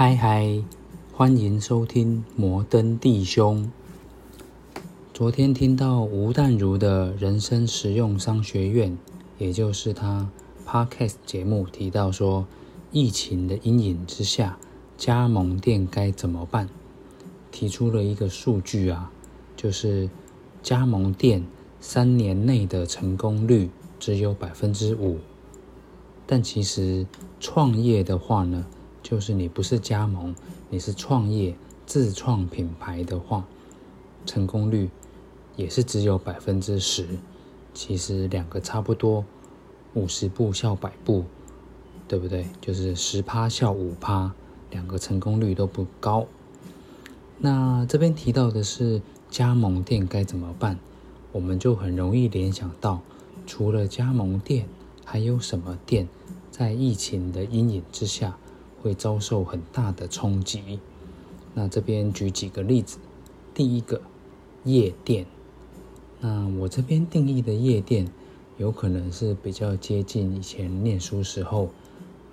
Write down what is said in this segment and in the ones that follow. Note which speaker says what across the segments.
Speaker 1: 嗨嗨，hi hi, 歡迎收聽摩登弟兄。昨天聽到吳淡如的人生實用商學院，也就是他 Podcast 節目提到說，疫情的陰影之下，加盟店該怎麼辦？提出了一個數據啊，就是加盟店三年內的成功率只有百分之五。但其實創業的話呢，就是你不是加盟，你是創業自創品牌的話，成功率也是只有百分之十。其實兩個差不多，五十步笑百步，對不對？就是十趴笑五趴，兩個成功率都不高。那這邊提到的是加盟店該怎麼辦，我們就很容易聯想到，除了加盟店，還有什麼店在疫情的陰影之下？會遭受很大的衝擊。那這邊舉幾個例子，第一個夜店。那我這邊定義的夜店，有可能是比較接近以前念書時候，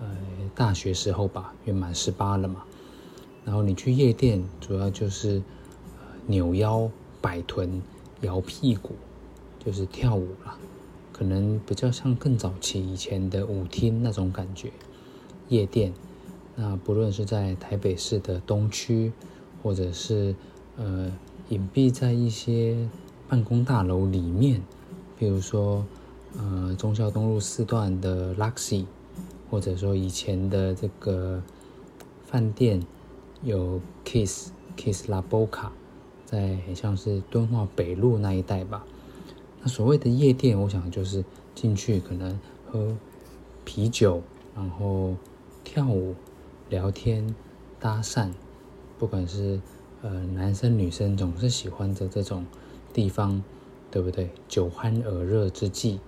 Speaker 1: 呃，大學時候吧，因為滿十八了嘛。然後你去夜店，主要就是扭腰、擺臀、搖屁股，就是跳舞了，可能比較像更早期以前的舞廳那種感覺，夜店。那不論是在台北市的東區，或者是呃隱蔽在一些辦公大樓裡面，比如說呃忠孝東路四段的 Luxy，或者說以前的這個飯店有 Kiss Kiss La Boca，在很像是敦化北路那一帶吧。那所謂的夜店，我想就是進去可能喝啤酒，然後跳舞。聊天搭訕，不管是呃男生女生，總是喜歡在這種地方，對不對？酒酣耳熱之際，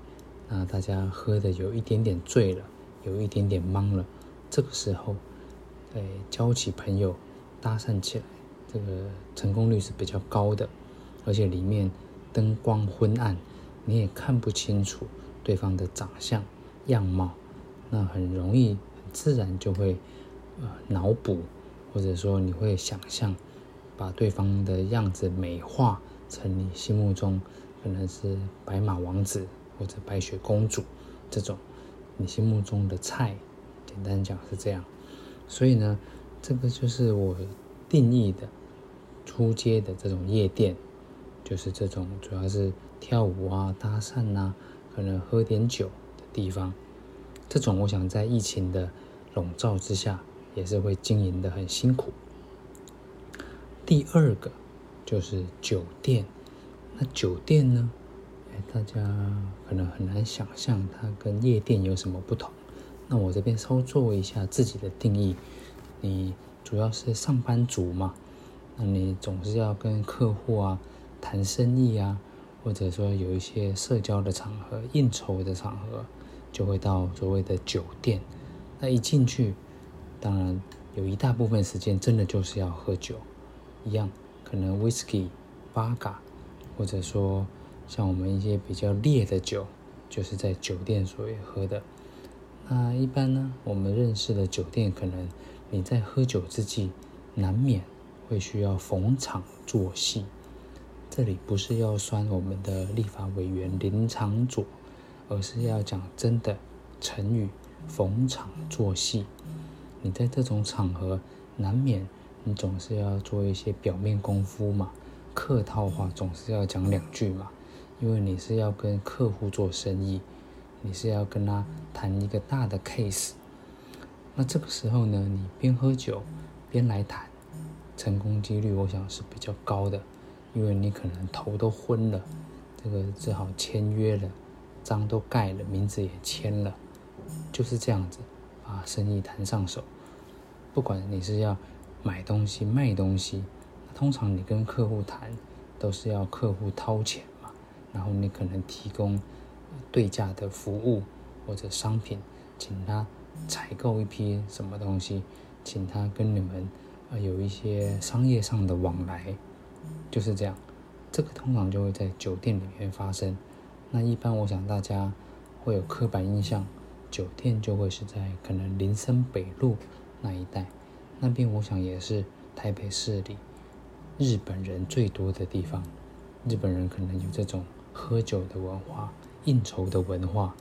Speaker 1: 那大家喝得有一點點醉了，有一點點茫了，這個時候，哎、呃，交起朋友搭訕起來，這個成功率是比較高的，而且裡面燈光昏暗，你也看不清楚對方的長相樣貌，那很容易、很自然就會。呃，腦補，或者說你會想象，把對方的樣子美化成你心目中可能是白馬王子或者白雪公主這種你心目中的菜，簡單講是這樣。所以呢，這個就是我定義的出街的這種夜店，就是這種主要是跳舞啊、搭訕吶、啊，可能喝點酒的地方。這種我想在疫情的籠罩之下，也是會經營得很辛苦。第二個就是酒店，那酒店呢？哎，大家可能很難想象它跟夜店有什麼不同。那我這邊稍微做一下自己的定義：你主要是上班族嘛，那你總是要跟客戶啊談生意啊，或者說有一些社交的場合、應酬的場合，就會到所謂的酒店。那一進去。當然，有一大部分時間真的就是要喝酒，一樣可能 whisky、八嘎，或者說像我們一些比較烈的酒，就是在酒店所會喝的。那一般呢，我們認識的酒店，可能你在喝酒之際，難免會需要逢場作戲。這裡不是要酸我們的立法委員林昶佐，而是要講真的成語逢場作戲。你在這種場合難免，你總是要做一些表面功夫嘛，客套話總是要講兩句嘛，因為你是要跟客戶做生意，你是要跟他談一個大的 case。那這個時候呢，你邊喝酒邊來談，成功幾率我想是比較高的，因為你可能頭都昏了，這個只好簽約了，章都蓋了，名字也簽了，就是這樣子。把、啊、生意談上手，不管你是要買東西、賣東西，通常你跟客戶談都是要客戶掏錢嘛，然後你可能提供對價的服務或者商品，請他採購一批什麼東西，請他跟你們有一些商業上的往來，就是這樣，這個通常就會在酒店裡面發生。那一般我想大家會有刻板印象。酒店就會是在可能林森北路那一帶，那邊我想也是台北市裡日本人最多的地方。日本人可能有這種喝酒的文化、應酬的文化，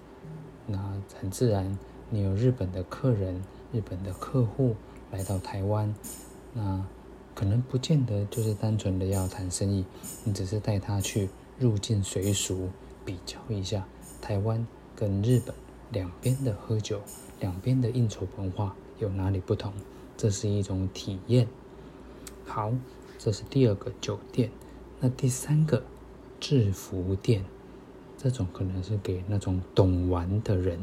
Speaker 1: 那很自然，你有日本的客人、日本的客戶來到台灣，那可能不見得就是單純的要談生意，你只是帶他去入境隨俗，比較一下台灣跟日本。兩邊的喝酒，兩邊的應酬文化有哪裡不同？這是一種體驗。好，這是第二個酒店。那第三個制服店，這種可能是給那種懂玩的人。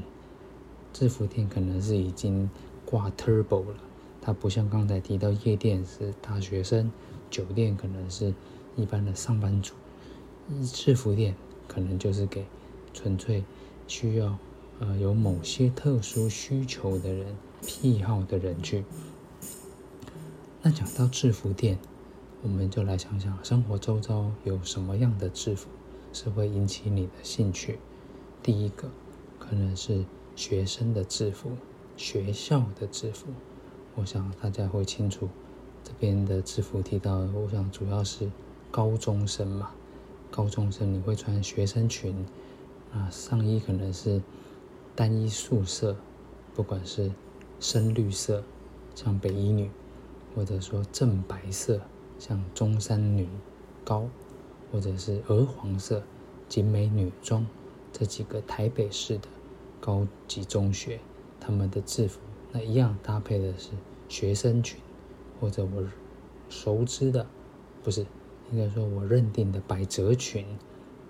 Speaker 1: 制服店可能是已經掛 Turbo 了。它不像剛才提到夜店是大學生，酒店可能是一般的上班族。制服店可能就是給純粹需要。呃，有某些特殊需求的人，癖好的人去。那講到制服店，我們就來想想生活周遭，有什麼樣的制服是會引起你的興趣。第一個，可能是學生的制服，學校的制服。我想大家會清楚，這邊的制服提到，我想主要是高中生嘛。高中生你會穿學生裙，啊、呃，上衣可能是，單一素色，不管是深綠色，像北一女，或者說正白色，像中山女高，或者是鵝黃色，景美女中，這幾個台北市的高級中學，他們的制服那一樣搭配的是學生裙，或者我熟知的，不是，應該說我認定的百褶裙，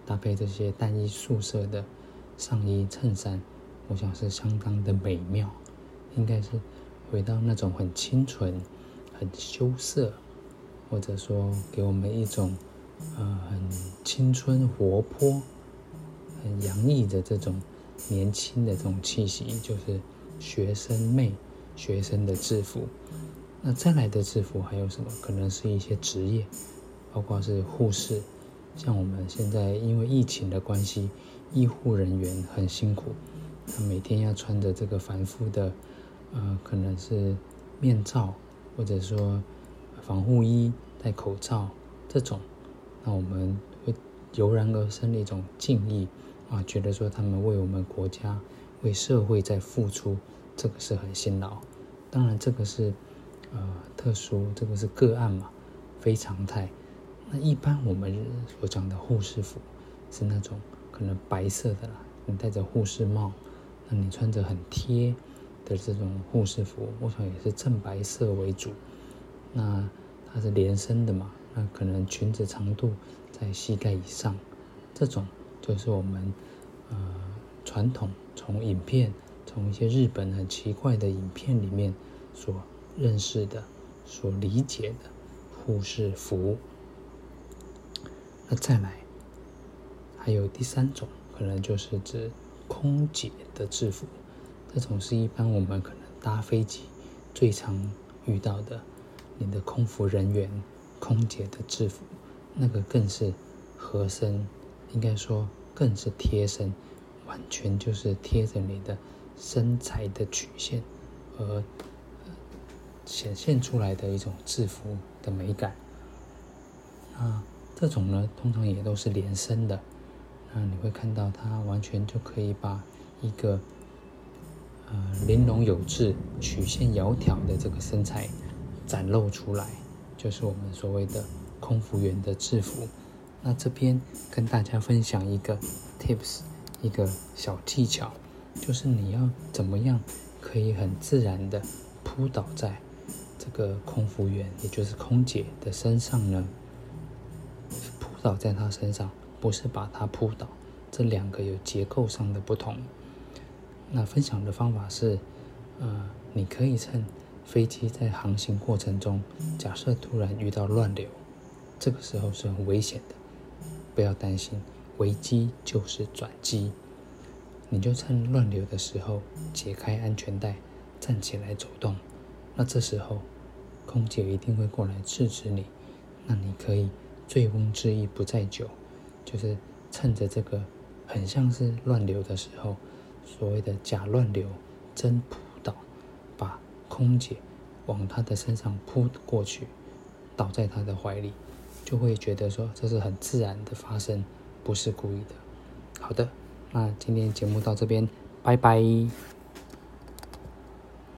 Speaker 1: 搭配這些單一素色的上衣襯衫。我想是相當的美妙，應該是回到那種很清純、很羞澀，或者說給我們一種呃很青春活潑、很洋溢的這種年輕的這種氣息，就是學生妹、學生的制服。那再來的制服還有什麼？可能是一些職業，包括是護士，像我們現在因為疫情的關係，醫護人員很辛苦。他每天要穿着這個繁複的，呃，可能是面罩或者說防護衣、戴口罩這種，那我們會油然而生的一種敬意啊，覺得說他們為我們國家、為社會在付出，這個是很辛勞。當然，這個是呃特殊，這個是個案嘛，非常態。那一般我們所講的護士服是那種可能白色的啦，你戴着護士帽。你穿着很貼的這種護士服，我想也是正白色為主。那它是連身的嘛？那可能裙子長度在膝蓋以上。這種就是我們、呃、傳統從影片、從一些日本很奇怪的影片裡面所認識的、所理解的護士服。那再來，還有第三種可能就是指，空姐的制服，這種是一般我們可能搭飛機最常遇到的。你的空服人員、空姐的制服，那個更是合身，應該說更是貼身，完全就是貼着你的身材的曲線而顯現出來的一種制服的美感。那，這種呢，通常也都是連身的。那你會看到，它完全就可以把一個，呃，玲瓏有致、曲線窈窕的這個身材展露出來，就是我們所謂的空服員的制服。那這邊跟大家分享一個 tips，一個小技巧，就是你要怎麼樣可以很自然地撲倒在這個空服員，也就是空姐的身上呢？撲倒在她身上。不是把它撲倒，這兩個有結構上的不同。那分享的方法是：呃，你可以趁飛機在航行過程中，假設突然遇到亂流，這個時候是很危險的，不要擔心，危機就是轉機。你就趁亂流的時候解開安全帶，站起來走動。那這時候，空姐一定會過來制止你。那你可以“醉翁之意不在酒”。就是趁着這個很像是亂流的時候，所謂的假亂流，真撲倒，把空姐往他的身上撲過去，倒在他的懷裡，就會覺得說這是很自然的發生，不是故意的。好的，那今天節目到這邊，拜拜。